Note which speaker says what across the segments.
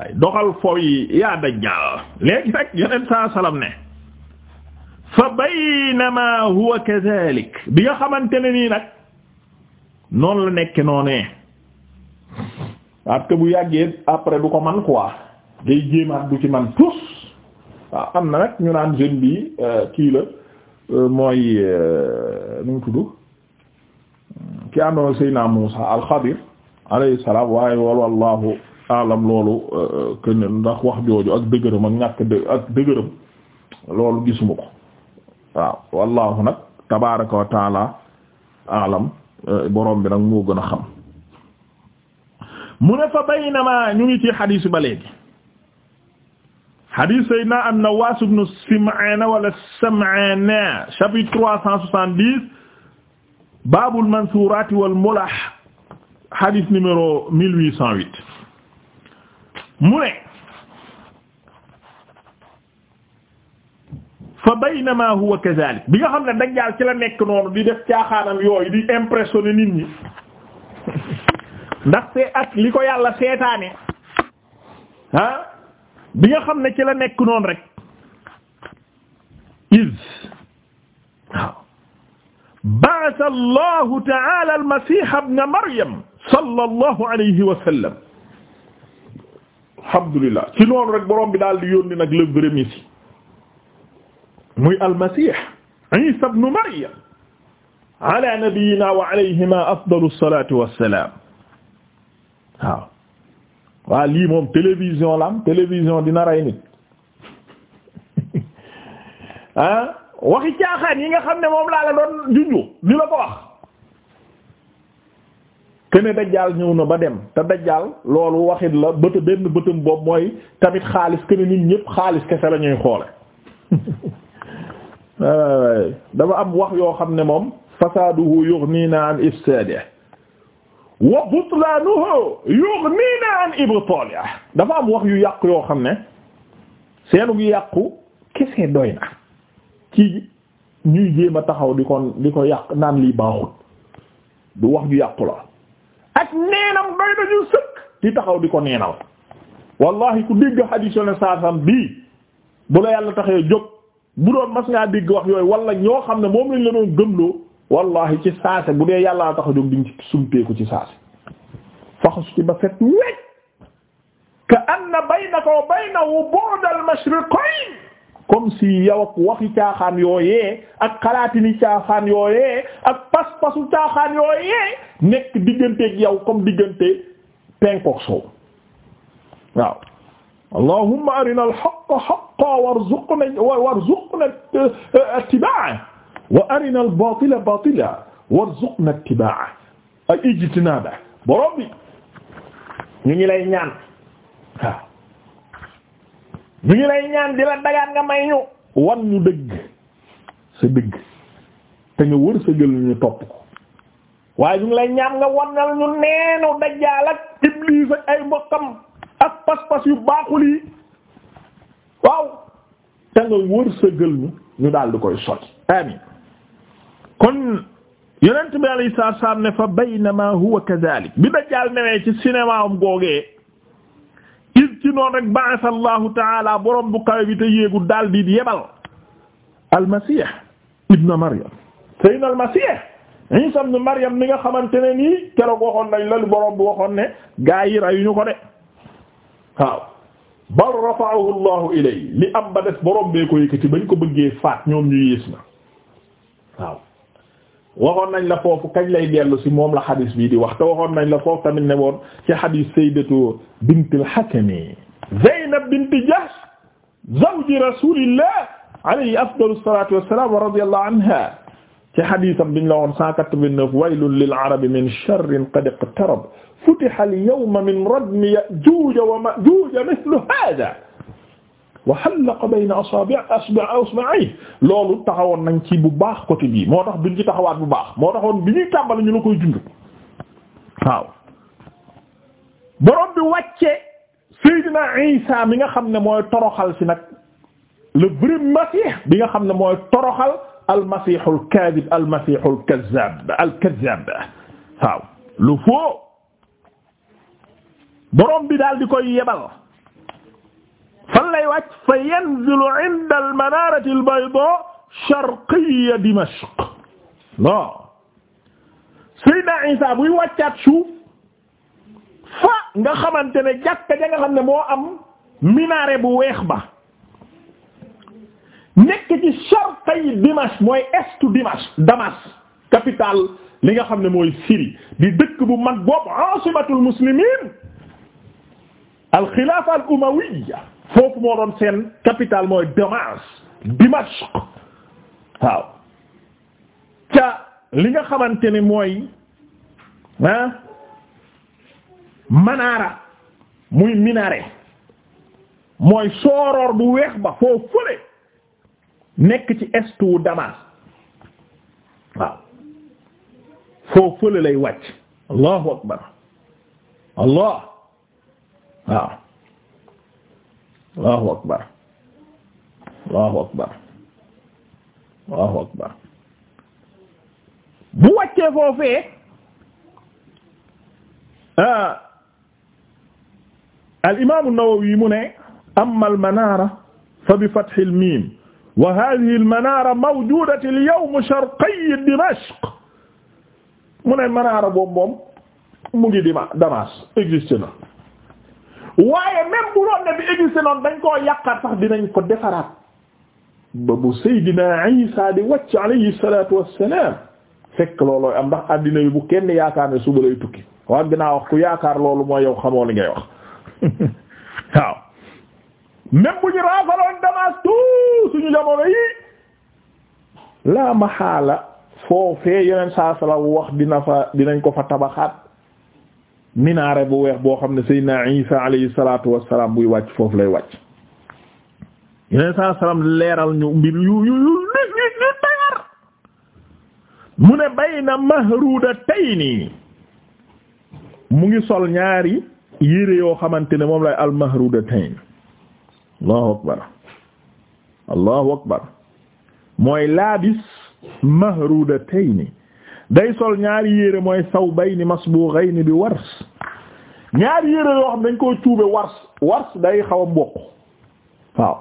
Speaker 1: waaye doxal fo yi yaa dajjaal léegi nag yeneen saa salam ne fa baynama huwa kadhalik bi nga xamante ne nii nag noonu la nekke noonee parce que bu yàggee après du ko man quoi day jéemaat du ci man tous am na nag ñu naan jeune bi euh, kii la euh, mooy euh, nu mu tudd ki àndoona Seydina Muusa al-Xadir alayhi salaam waaye wal wallahu alam loolu euh, que ndax wax jooju ak dëgërëm ak ñàkk dë ak dëgërëm loolu gisuma ko waaw wallahu nag tabaraka wa alam euh, borom bi nag moo gën a xam mu ne fa baynama ñu ngi ci xadiis ba léegi xadiis sayyidina an-Nawaas ibn Sim'aan wala Sam'aan chapitre trois cent soixante-dix baabul mansuuraati wal mulah xadiis numéro mille huit cent huit mu ne fa baynama huwa kadhalik bi nga xam ne dajjaal ci la nekk noonu di def caaxaanam yooyu di impressionner nit ñi ndax see ak li ko yàlla seetaane ah bi nga xam ne ci la nekk noonu rek iz waaw ba'atha Allahu ta'ala al-masih ibn Maryam sallallahu alayhi wa sallam alhamdulillah ci noonu borom bi daal di yónni nag le vrai messie muy almasih isa ibn maryam ala nabiyyina wa alayhima afdalu salatu wassalam waaw waaw lii moom télévision la am télévision dina ah, yi nga xam ne moom laa doon junju di la ko kene dajjaal ñëw na ba dem te dajjaal loolu waxit la bëta benn bëtam boobu mooy tamit xaalis kene nit ñëpp xaalis kese la ñuy xoole dafa am wax yoo xam ne moom fasaduhu yughnina an ifsadihi wa butlanuhu yughnina an ibtalihi dafa am wax yu yàq yoo xam ne seenu yu yàqu kese doy na ci ñuy jéem a taxaw di kon di ko yàq naan lii baaxul du wax ju yàqu la ak neenam doy nañu sëkk di taxaw di ko neenal wallahi ku dégg xadiis yo ne saasam bii bu la yàlla taxee jóg bu doon mas ngaa dégg wax yooyu wala ñoo xam ne moom lañ la doon gëmloo wallahi ci saase bu dee yàllaa tax a jóg diñ ci sumpeeku ci saase faxas ci ba fet wecc ka anna baynaka wa baynahu bu'd comme si yow ak waxi caaxaan yooyee ak xalaatini caaxaan yooyee ak pas-pasu caaxaan yooyee nekk digganteeg yow comme diggante penkook soow waaw arina al-haqqa haqqan warzuqna warzuqna ittiba'ahu al-batila batilan warzuqna ittiba'ahu ay ijtinabahu borom bi lay ñaan ñu ngi lay ñaan di la nga may ñu wan ñu dëgg sa dëgg te nga wër sa jël ñu topp ko waaye ñu ngi lay ñaan nga wanal ñu neenu dajjaal ak iblis ak ay mbokkam pas-pas yu baaxul yi waaw te nga wër sa jël ñu ñu daal koy sotti amin kon yonent bi alayhi salaam ne fa baynama huwa kadhalik bi dajjaal newee ci cinéma googee ci noonu rek ba'atha allahu taala borom bu kawe bi te yéegu daal di yebal almasih ibn maryam sayyidina almasih isa ibn maryam mi nga xamante ne nii keroog waxoon nañ lalu borom bu waxoon ne gaa yi rayuñu ko de waaw bal rafa'ahu allahu ilay li am ba borom bee ko yëkkati bañ ko bëggee faat ñoom ñu yées na waaw waxoon nañ la foofu kañ lay dellu ci moom la xadis bii di wax te waxoon nañ la foofu tamit ne woon ci xadis sayyidatu bint al-Hakami Zaynab bint Jahsh zawji rasulillah alayhi afdalu salatu wassalam wa radiyallahu anha ci xadisam biñ la woon 189 waylun lil arabi min sharrin qad iqtarab futiha al yawma min radmi ya'juj wa ma'juj mithlu hadha wa hallaqa bayna asaabi' asba'ayhi loolu taxawoon nañ ci bu baax côté bii moo tax duñ ci taxawaat bu baax moo taxoon bi ñuy tàmbali ñu la koy junj waaw borom bi wàcce Seydina Isa mi nga xam ne mooy toroxal si nag le vrai Messie bi nga xam ne mooy toroxal al-Masihul kaadib al-Masihul kazzab al-kazzab waaw lu foo borom bi daal di koy yebal. fan lay wàcc fa yanzilu inda al-manarati al-bayda sharqiyya Dimashq non Seydina Isa buy wàccaat suuf fa nga xamante ne jàkka xam ne moo am minaare bu weex ba nekk ci sharqiyya Dimashq mooy estu Dimashq Damas capitale li nga xam ne mooy Syrie di dëkk bu mag boobu asibatul muslimin al-xilaafa foofu moo doon seen capitale mooy Damas Dimashq waaw ca li nga xamante ni mooy ah, manaara muy minare mooy sooroor bu weex ba foo fële nekk ci est wu Damas waaw foo fële lay wàcc allahu akbar allah waaw allahu akbar allahu akbar allahu akbar bu wàccee foofee ah, al imam an-Nawawi mu ne amma al-manara fa bi fathi al-mim wa hadhihi al-manara mawjudatu al-yawm sharqi Dimashq mu ne manara boobu moom mu ngi dima Damas existe na waaye même bu doon ne bi existé noonu dañ koo yàqaat sax dinañ ko defaraat ba bu Seydina Isa di wàcc alayhi salaatu wassalaam fekk loolooy am ndax àddina yi bu kenn yaakaar ne suba lay tukki waaw dinaa wax ku yaakaar loolu mooy yow xamoo li ngay wax waaw même bu ñu raafaloon Damas suñu jamono yi la mahaala foofee yeneen saa sala wax dina fa dinañ ko fa tabaxaat minaare bu weex boo xam ne Seydina Isa alayhi salaatu wassalaam buy wàcc foofu lay wàcc yeneen saa salaam leeral ñu mbir yu yu yu nit nit nit tayar mu ne bayna mahrudatayni mu ngi sol ñaari yére yoo xamante ne moom lay al mahrudatayn allahu akbar allahu akbar mooy laabis mahrudatayni day sol ñaari yére mooy saw bay ni xay ni bi wars ñaari yére loo xam dañ koo cuube wars wars day xaw a mboq waaw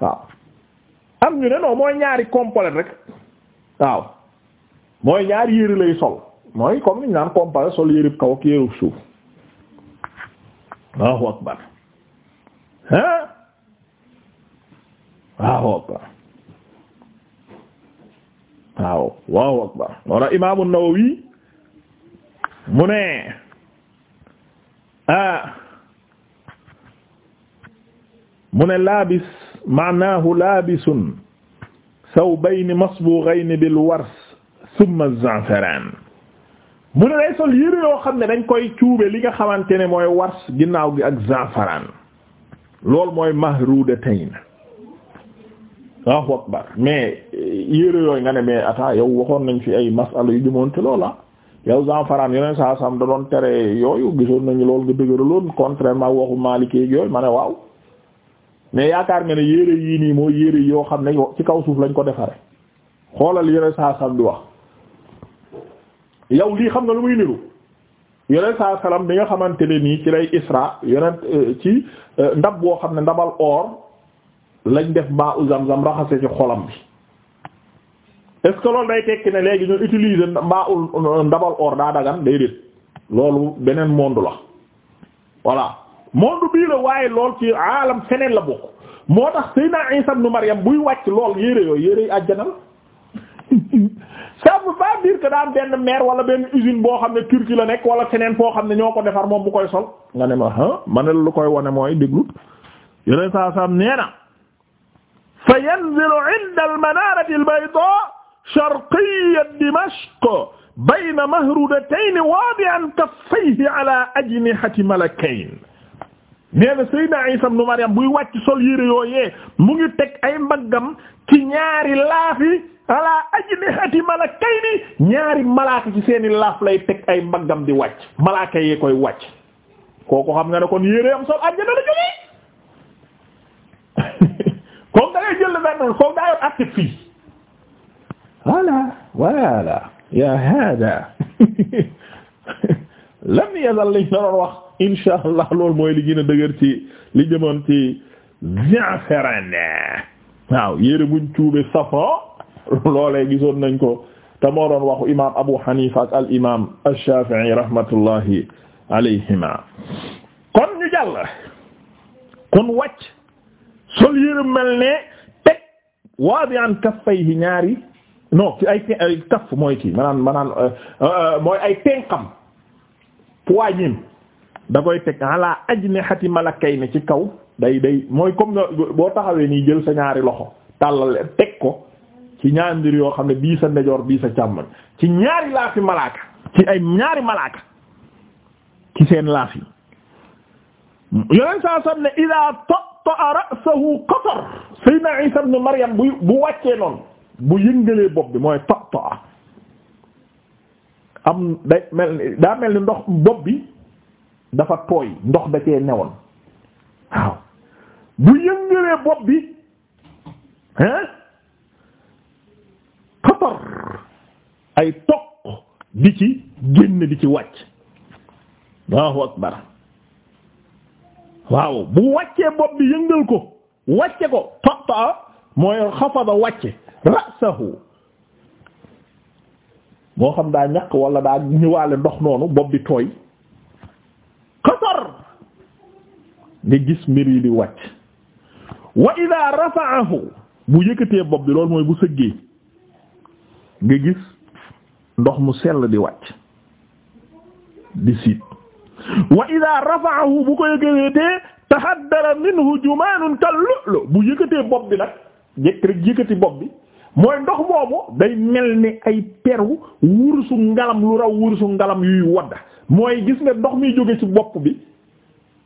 Speaker 1: waaw am ñu ne non mooy ñaari complet rek waaw mooy ñaari yére lay sol mooy comme niñ naan complet sol yére kaw ak yére suuf waaw akbar hein waaw akbar waaw waaw akbar wala imaam an-Nawawi mu ne ah mu ne laabis maanaahu laabisun sawbayni masbughayni bil wars thumma az-za'faran mu ne day sol yére yoo xam ne dañ koy cuube li nga xamante ne mooy wars ginnaaw gi ak za'faran loolu mooy mahrudatayn Allahu akbar mais euh, yére yooyu nga ne mais attends yow waxoon nañ fi ay masala yu jëmoon te loola ah. yow zanfaraan yeneen saa sam da doon tere yooyu gisoon nañu lool nga dëgëraloon contrairement waxu Maliki yooyu ma ne waaw mais yaakaar nga ne yére yii nii mooy yére yoo xam ne ci kaw suuf lañ ko defare xoolal yeneen saa sam di wax yow lii xam nga lu muy niru yeneen saa salam bi nga xamante ne nii ci lay Isra yeneen euh, ci euh, ndab boo xam ne ndabal or. lañ def maa u zamzam raxase ci xolam bi est loolu day tekki ne léegi ñu utiliser maa u euh, ndabal or daa dagan déedéet loolu beneen monde la voilà monde bii la waaye lool ci aalam feneen la bokk moo tax Seydina Isa ibn Maryam buy wàcc lool yére yooyu yére yu àjjana la ça veut pas daan benn maire wala benn usine boo xam ne Turquie la nekk wala feneen foo xam ne ñoo ko defar moom bu koy sol nga ne ma ah ma ne lu koy wone mooy déglu yeneen saa fa yanzilu inda al-manaarati al-baydaa sharqiyya Dimashq bayna mahrudatayni waadi'an kaffayhi alaa ajnihati malakayn nee na Seydina Isa ibn Maryam buy wàcc sol yére yooyee mu ngi teg ay mbaggam ci ñaari laafi alaa ajnihati malakayni ñaari malaaka ci seeni laaf lay teg ay mbaggam di wàcc malaaka yee koy wàcc kooku xam nga ne kon yéreem sol àjjana la jógee comme da ngay jël benn comme daa yor actif fii voilà voilà ya hada lam yazal liñ naroon wax insha allah loolu mooy li gën a ci li jëmoon ci za'faran waaw yére buñ cuube safran loolee gisoon nañ ko te moo doon waxu imam ak al imam ash-Shafi'i kon ñu jàll kon wàcc sol yére mel ne teg waadi'an yi ñaari non ci ay ay mooy ci maanaam maanaam euh, euh, mooy ay tenkam poignée da koy teg ala kay malakayni ci kaw day day mooy comme boo taxawee nii jël sa ñaari loxo tàllal teg ko ci ñaari mbir yoo xam ne bii sa ndejoor bii sa càmmoñ ci ñaari laafi malaaka ci ay ñaari malaaka ci seen laaf yi saa sam ne ila to qatta'a ra'sahu qatar Seydina Isa ibn Maryam bu bu wàccee noonu bu yëngalee bopp bi mooy qatta'a am day mel ni daa mel ni ndox bopp bi dafa tooy ndox da cee newoon waaw bu yëngalee bopp bi hein qatar ay toq di ci génn di ci wàcc Allahu akbar waaw bu wàccee bopp bi yëngal ko wàcce ko tata mooy xafada wàcce rasahu moo xam daa ñaq wala daa ñëwaale ndox noonu bopp bi tooy xasar nga gis mbir yi di wàcc wa ida rafa'ahu bu yëkkatee bopp bi loolu mooy bu sëggee nga gis ndox mu sell di wàcc di siit wa ida rafa'ahu bu ko yëkkatee tahaddara minhu jumaanun kal lu'lu bu yëkkatee bopp bi nag jëkk bopp bi mooy ndox boobu day mel ni ay peru wursu ngalam lu raw wursu ngalam yuy wadda mooy gis nga ndox mi jóge ci bopp bi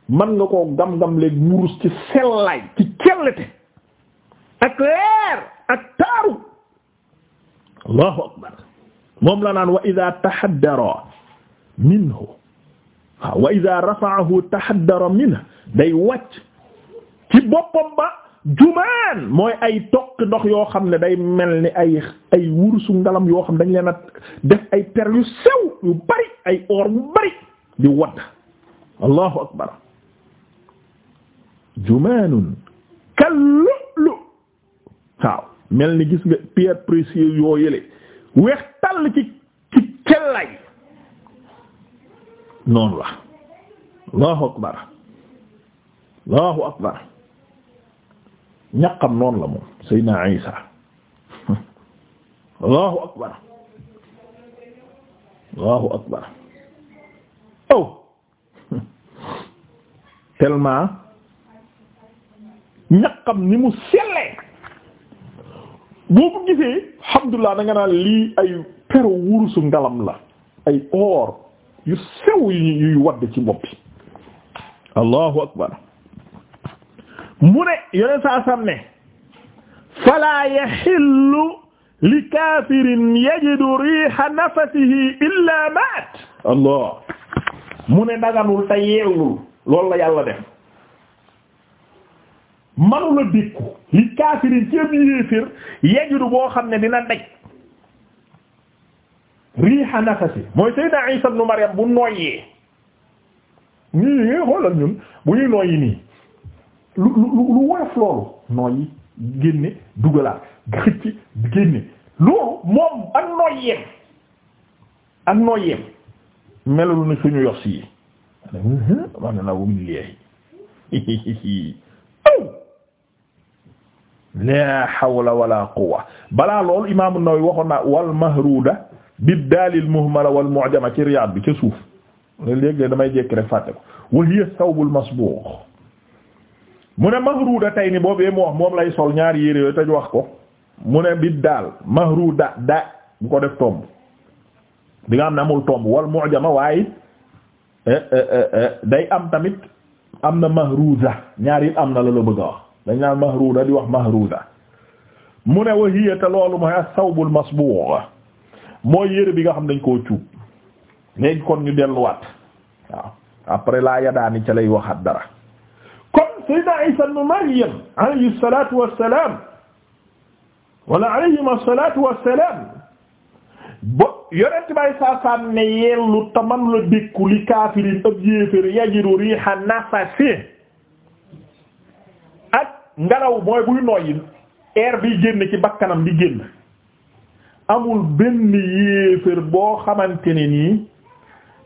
Speaker 1: mën nga koo gam-gam leeg wurus ci sellaay ci cellete ak leer ak taaru allahu akbar moom la naan wa ida tahaddara minhu waaw wa ida rafaahu taxaddara minhu day wàcc ci boppam ba jumaan mooy ay toq ndox yoo xam ne day mel ni ay ay wurusu ngalam yoo xam dañ leen a def ay per yu sew yu bari ay or bu bari di wadd allahu akbar jumaanun kal lu'lu waaw mel ni gis nga pierre précieuse yoo yële weex tàll ci ci cellaay noonu la allahu akbar allahu akbar ñaqam noon la moom Seydina Isa allahu akbar allahu akbar oh tellement ñaqam ni mu sellee boo ko gisee alhamdulillah da naan lii ay pero wurusu ngalam la ay or yu sew yuy wadd ci bopp bi allahu akbar mu ne yoneen saa sam fala yaxillu li kafirin yajidu riha nafasihi illa maat allah mu daganul te yeewul loolu la yàlla def manula dékku li kafirin ci ab yéefir yajidu boo xam ne dina daj riixa nafasi mooy Seydina Isa ibn Maryam bu noyyee nii yee xoolal ñun bu ñuy noyyi nii lu lu lu woyof loolu noyyi génne dugalaat xëcc génne loolu moom ak noyyeem ak noyyeem melul na suñu yox si yi man na wum leeyi la hawla wala quwwa balaa loolu Imaam An-Nawawi naa wal mahruda bi daalil muhmala wal mu'jama ci riyaad bi ca suuf léeg-léeg damay jékki rek fàtte ko wa hiya thawbul masbuux mu ne mahruuda tey ni boobu mu wax moom lay sol ñaari yére yooyu taj wax ko mu ne bi daal mahruuda da bu ko def tomb bi nga xam ne amul tomb wal mu'jama waaye eh, eh, eh, day am tamit am na mahruuda ñaar yi am na la la bëgg a wax dañ naan mahruuda di wax mahruuda mu ne wa hiya te loolu mooy as-thawbul masbuux mooy yére bi nga xam dañ koo cuub léegi kon ñu delluwaat waaw après laa yadaani ca lay waxaat dara kon sayyidina Isa ibn Maryam alayhi salatu wassalam wala alayhima salatu wassalam ba yonent bay saasaan ne yellu taman la dékku li kaafirin ab yéefér yajiru riha nafasi ak ngelaw mooy buy noyyi air bi génn ci bakkanam di génn amul benn yéeféer boo xamante nii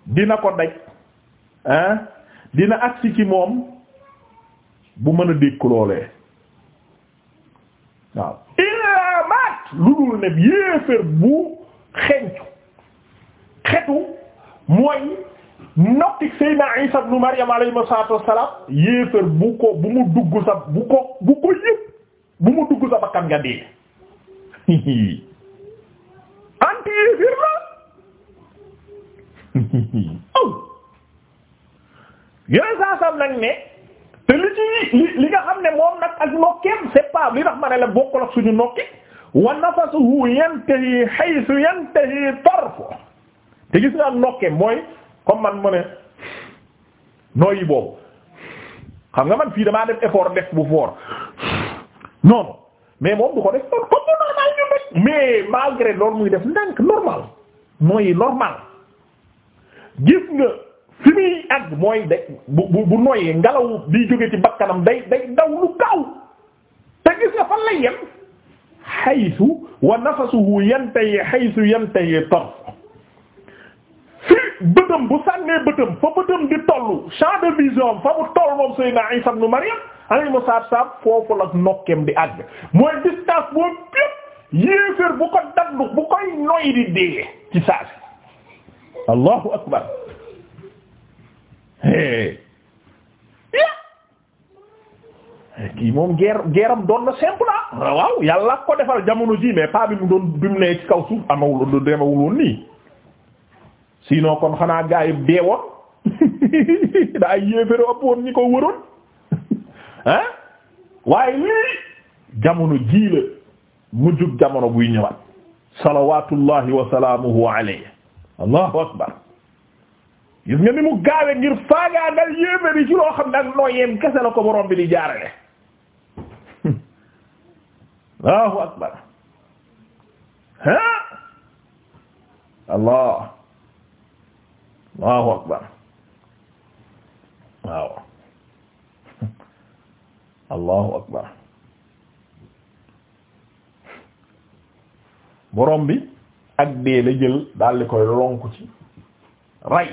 Speaker 1: dina ko daj ah dina agsi ci moom bu mën a dékk loolee waaw illaa maat lu dul ne yéeféer bu xencu xetu mooy noktik Seydina Isa ibn Maryam alayhi salaatu wassalaam yéeféer bu ko bu mu dugg sa bu ko bu ko yëpp bu mu dugg sa bakkan nga dee anti yéefir la saa sam nag ne te li ci li nga xam ne moom nag ak nokkeem c'est pas li ma ne la bokkul suñu nokki wa nafasuhu yantahi haythu yantahi tarfu te gis nga nokkeem mooy comme man mu ne nooyi boobu xam nga man fii damaa def effort def bu fort noonu mais moom du ko def kon comme normal ñun def ndànk normal nooyi normal gis nga fi muy àgg mooy de bu bu bu noyyee ngelaw di jóge ci bakkanam day day daw lu gaaw te gis nga fan lay yem haythu wa nafasuhu yantahi haythu yantahi tarf fi bëtëm bu sànnee bëtëm fa bëtëm di tollu champ de vision fa mu toll moom Seydina Isa ibn Maryam alayhi salaam foofu la nokkeem di àgg mooy distance boobu yéeféer bu ko dandu bu koy noy di dee ci saa si allahu akbar é kii moom guerre geeram am doon na simple ah waaw yàlla ko defal jamono jii mais pas bi mu doon bi mu ne kaw suuf amawul demawul woon nii sinon kon xanaa gaa yi daa yéeféer ëpp woon ko wëroon ah waaye lii jamono jii la mujjug jamono buy ñëwaat salawatullahi wa salaamuhu alayhi allahu akbar gis nga ni mu gaawe ngir faagaagal yéebéri ci loo xam ne ak kese la ko borom bi di jaarale allahu akbar ah allah allahu akbar waaw allahu akbar borom bi ak dee la jël daal di koy lonku ci ray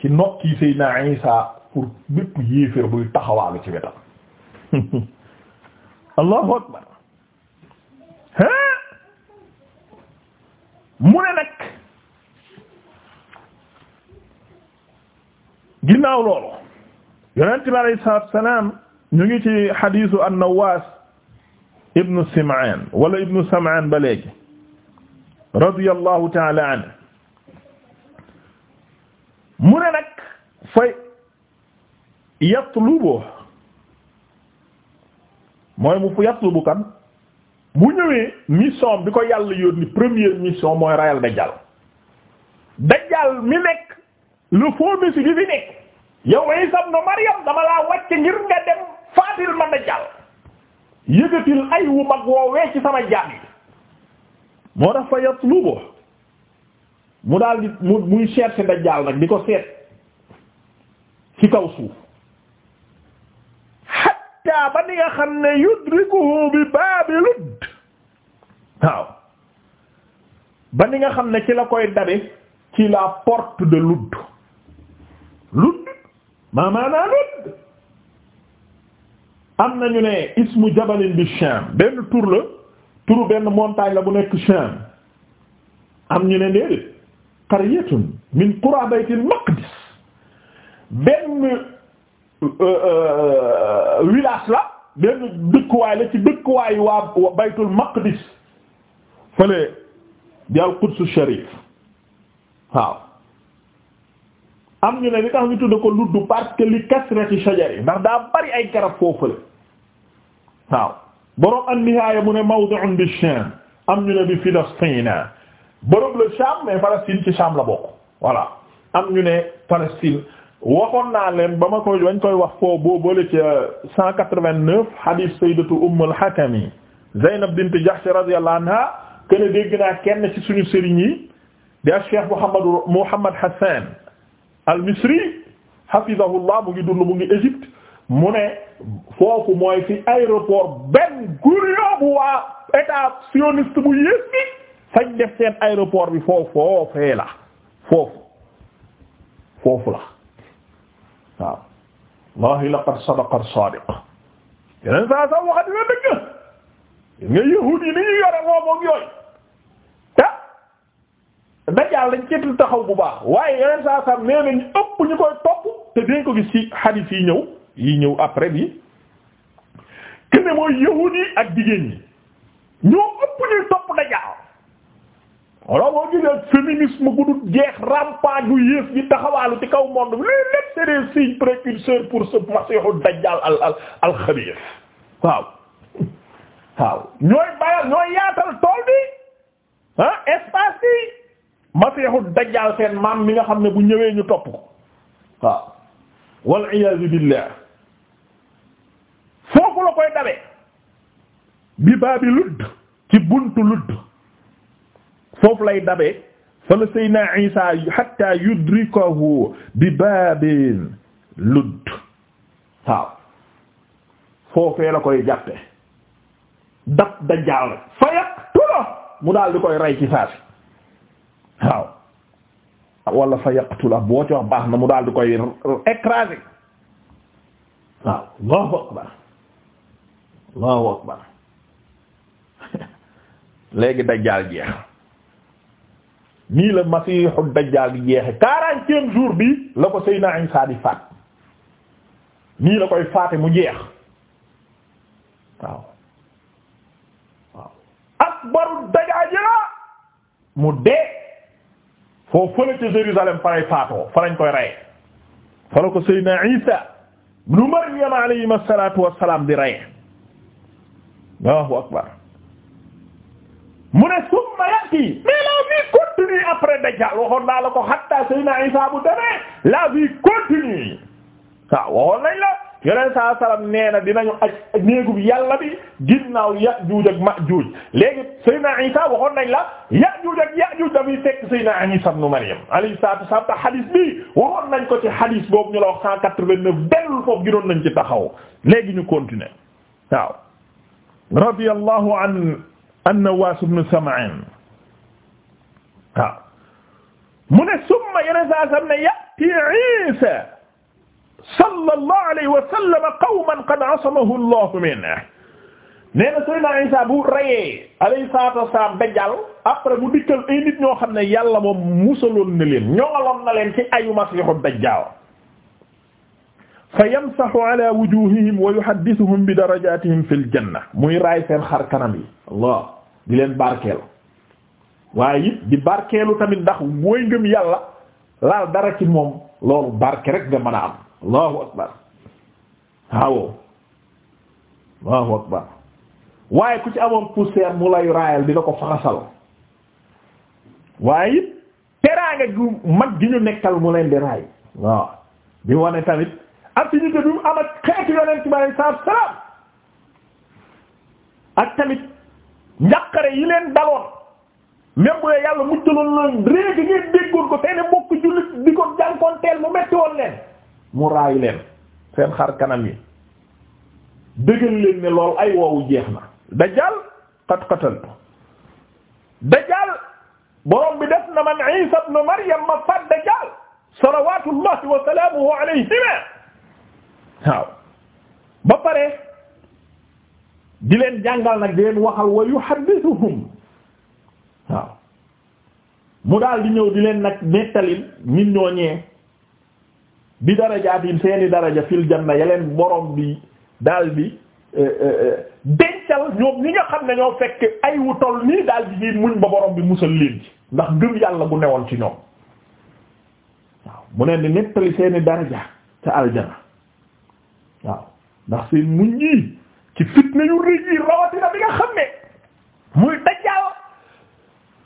Speaker 1: ci nokki Seydina Isa pour bépp yéeféer buy taxawaalu ci wetam allahu akbar mu ne nag ginnaaw loolu yonent bi alayhi salaatu wa salaam ñu ngi ci xadiisu an-Nawaas Sim'aan wala ibnu Sam'aan ba léegi radiyallahu ta'ala anhu mu ne nag fa yatlubu mooy mu yatlubu kan bu ñëwee mission bi ko yàlla yónni première mission mooy rayal dajjal dajjal mi nekk le faux messie bi fi nekk yow Isa ibn Maryam dama laa wàcc ngir nga dem faatil ma na jàll yëgatil ay wu mag woowee ci sama jaam moo tax fa yatlubu mu daal di mu muy chercher dajjaal nag di ko seet ci kaw suuf hatta ba ni nga xam ne yudrikuhu bi baabi Ludd waaw ba ni nga xam ne ci la koy dabe ci la porte de Ludd Ludd maamaanaa Ludd am nañu ne ismu jabalin bi Sham benn tur la turu benn montagne la bu nekk Sham am ñu ne déedéet qaryatun min qura baytil maqdis benn euh, euh, village la benn dëkkuwaay la ci dëkkuwaay waa baytul maqdis fële di al quds sharif waaw am ñu ne li tax ñu tudd ko luddu parce que li kasrati shajari ndax daa bari ay garab foofule waaw borom an-nihaaya mu ne mawdi'un bi Sham am ñu ne bi Filastina borom la Sham mais Palestine ci Sham la bokk voilà am ñu ne Palestine waxoon naa leen ba ma koy bañ koy wax foo boo boole ci euh, cent quatre-vingt-neuf hadith sayyidatu Umm al-Hakam Zaynab bint Jahsh radiyallahu anha kenn dégg naa kenn ci suñu sëriñ yi di Cheikh Muhammad Muhammad Hassan al-Misri hafizahullah mu ngi dund mu ngi Égypte mu ne foofu mooy fi aéroport Ben Gurion bu waa état sioniste bu yées bi fañ def bi foofu foofu la waaw wallahi laqad sadaqa as-sadiq yeneen saa nga yahuud ni ñu yore moom yàlla dañ ceetul taxaw bu baax waaye yeneen saa saa nee na ñu ëpp ñu koy topp te dinañ ko gis ci hadith yi ñëw yi ñëw après bi kene mooy yahuud ak jigéen ñi ñoo ëpp ñuy topp dajaaw walla boo gisee féminisme bu dul jeex ci kaw monde bi lii lépp c'est pour ce masiixu dajjaal al al waaw waaw ñooy bayal ñooy yaatal tool bi ah masiixu dajjaal seen maam mi nga xam ne bu ñëwee ñu topp ko waaw wal billaah foofu la koy dabe bi baabi ludd ci buntu ludd foofu lay dabe fa la sayna isa hatta yudrikahu bi baabin ludd foofee la koy jàppe dab dajjaal fa yaqtula mu daal di koy rey ci saasi waaw wala fa yaqtula boo ci baax na mu daal di koy écraser waaw allahu akbar allahu akbar léegi dajjaal jeex nii la masiixu dajjaal di jeexe quarantième jour bi la ko Seydina Isa faat nii la koy faate mu jeex waaw waaw akbaru dajjaal mu dee foo fële ca Jérusalem faray faatoo fa lañ koy rey fa la ko Seydina Isa ibnu Maryam alayhi salaatu wassalaam di rey Allahu akbar mu ne summa yati mais la vie continue après Dajjal waxoon naa la ko hatta Seydina Isa bu demee la vie continue waaw waxoon nañ la yeneen saa salaam nee na dinañu aj néegub yàlla bi ginnaaw Yaajuuj ak Maajuuj léegi Seydina Isa waxoon nañ la Yaajuuj ak Yaajuuj dafay fekk Seydina Isa ibn Maryam alayhi salaatu wa salaam te hadith bi waxoon nañ ko ci hadith boobu ñu la wax cent quatre-vingt-neuf bellul foofu ginoon nañ ci taxaw léegi ñu continuer waaw radiyallahu an an-Nawwaas ibn Sam'aan waaw mu ne summa yeneen saa salaam ne ya'ti Isa sallallahu alayhi wa sallam qawman qad asamahu allahu minhu nee na Seydina Isa bu rayee alayhi salaatu ay nit ñoo xam ne yàlla moom musaloon na leen ñoŋaloon na leen ci ayu masiixu dajjal fa yamsahu ala wujuhihim wa yuhaddithuhum bi darajatihim fil janna muy raay seen xar kanam yi allah di leen barkeelu waaye it di barkeelu tamit ndax mooy ngëm yàlla laal dara moom loolu barke rek nga a am allahu akbar waaw allahu akbar waaye ku ci amoon poussière mu lay raayal dina ko faxasal waaye it teraanga gu mag gi ñu nekkal mu leen di raay waaw bi wane tamit affinité bi mu am ak xeetu yonent bi alayhi salaatu salaam ak tamit njàqare yi leen daloon même bu yàlla muccaloon leen réegi ngeen déggoon ko seeni mbokk jullit di ko jànkoonteel mu metti woon leen mu raay leen seen xar kanam yi dëgal leen ne lool ay woowu jeex na dajjal qad qataltu dajjal borom bi def na man ma faat dajjal salawatullahi wa salaamuhu alayhima waaw ba pare di leen jàngal nag di leen waxal wa yuhaddithuhum waaw mu daal di ñëw di leen nag nettalil nit ñooñee bi darajaatin seeni daraja fil janna yeleen borom bi daal bi eh, eh, eh, dencal ñoom ñi nga xam ne ñoo fekk ay wu toll nii daal bi ñuy muñ ba borom bi musal leen ci ndax gëm yàlla bu newoon ci ñoom waaw mu ne di nettali seeni daraja ca aljana waaw ndax seen muñ yi ci fitna yu rëy yi rawatina bi nga xam ne muy dajjaal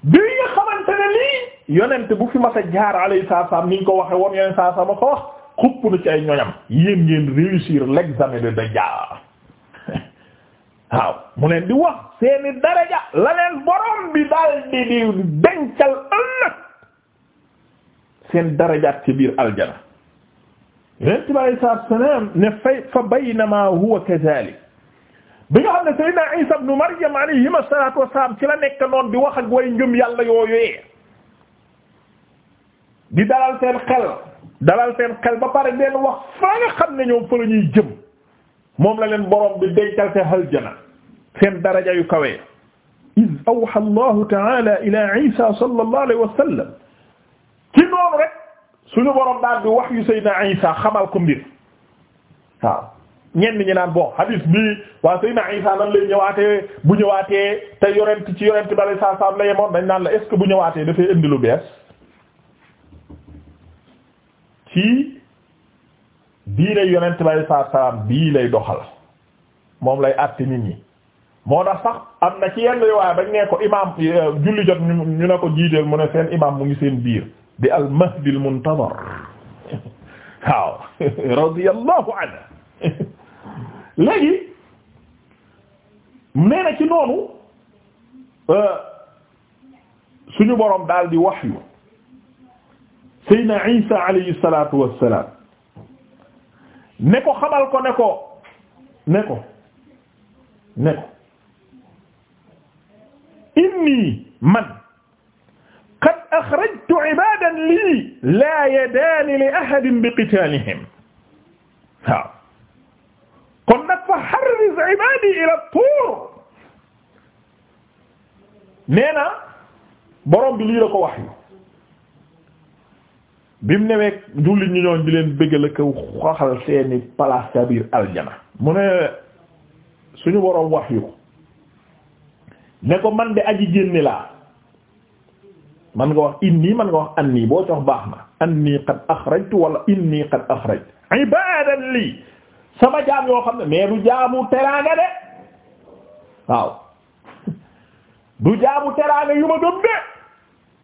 Speaker 1: bi nga xamante ne lii yonent bu fi mas a jaar alayhi salaam ni ñu ko waxe woon yonent saa sama ko wax xupp na ci ay ñoñam yéen ngeen réussir l'examen de Dajjal waaw mu leen di wax seeni daraja la leen borom bi daal di di dencal ëllëg seen darajaat ci biir aljana yonent bi alayhi salaatu wa salaam ne fay fa baynama huwa kadhalik bi nga xam ne sayyidina Isa ibn Maryam alayhi salaatu wa salaam ci la nekk noonu di wax ak way ngëm yàlla yooyee di dalal seen xel dalal seen xel ba pare deen wax fa nga xam ne ñoom fa la ñuy jëm moom la leen borom bi deytal te aljana seen daraja yu kawee iz awha allahu taala ila isa sallallahu alayhi wa sallam ci noonu rek suñu borom daal bi wax yu saydna isa xamal ko mbir waaw ñenn ñi naan boo hadis bi waa saydna isa nan lay ñëwaatee bu ñëwaatee te yorent ci yorent bi alay saa salaam la yemoon dañ naan la est bu ñëwaatee dafay indi lu bees ci diine yonent lay saa salaam bii lay doxal moom lay àtte nit ñi moo tax sax am na ci yenn riwaaya bañ ne ko imaam euh, julli jot ñu ne ko jiiteel mu ne seen imaam mu ngi seen biir di al mahdi waaw radiyallahu anhu léegi nee ci noonu euh, suñu boroom daal di wahyu Seydina Isa alayhi salaatu wassalaam ne ko xamal ko ne ko ne ko ne ko inni man qad axrajtu ibaadan lii laa yadaani li ahadin bi qitaalihim waaw kon nag fa harris ibaadii ila tuur nee na borom bi lii la ko wax bi mu newee jullit ñu ñooñ di leen bëggal ak xaxal seeni place ca biir aljana mu ne suñu boroom wax yu ne ko man bi de aji génne laa man nga wax inni man nga wax anni boo jox baax na anni qad axrajtu wala inni qad axrajtu ibadan lii sama jaam yoo xam ne mais du waaw du jaamu teraanga yu ma doon de